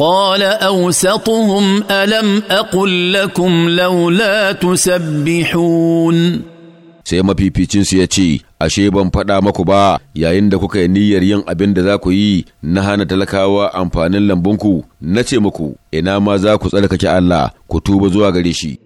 قال اوسطهم الم اقل لكم لولا تسبحون sai mafificinsu ya ce, Ashe, ban faɗa maku ba yayin da kuka yi niyyar yin abin da za ku yi na hana talakawa amfanin lambunku, na ce muku, ina ma za ku tsarkake Allah, ku tuba zuwa gare shi.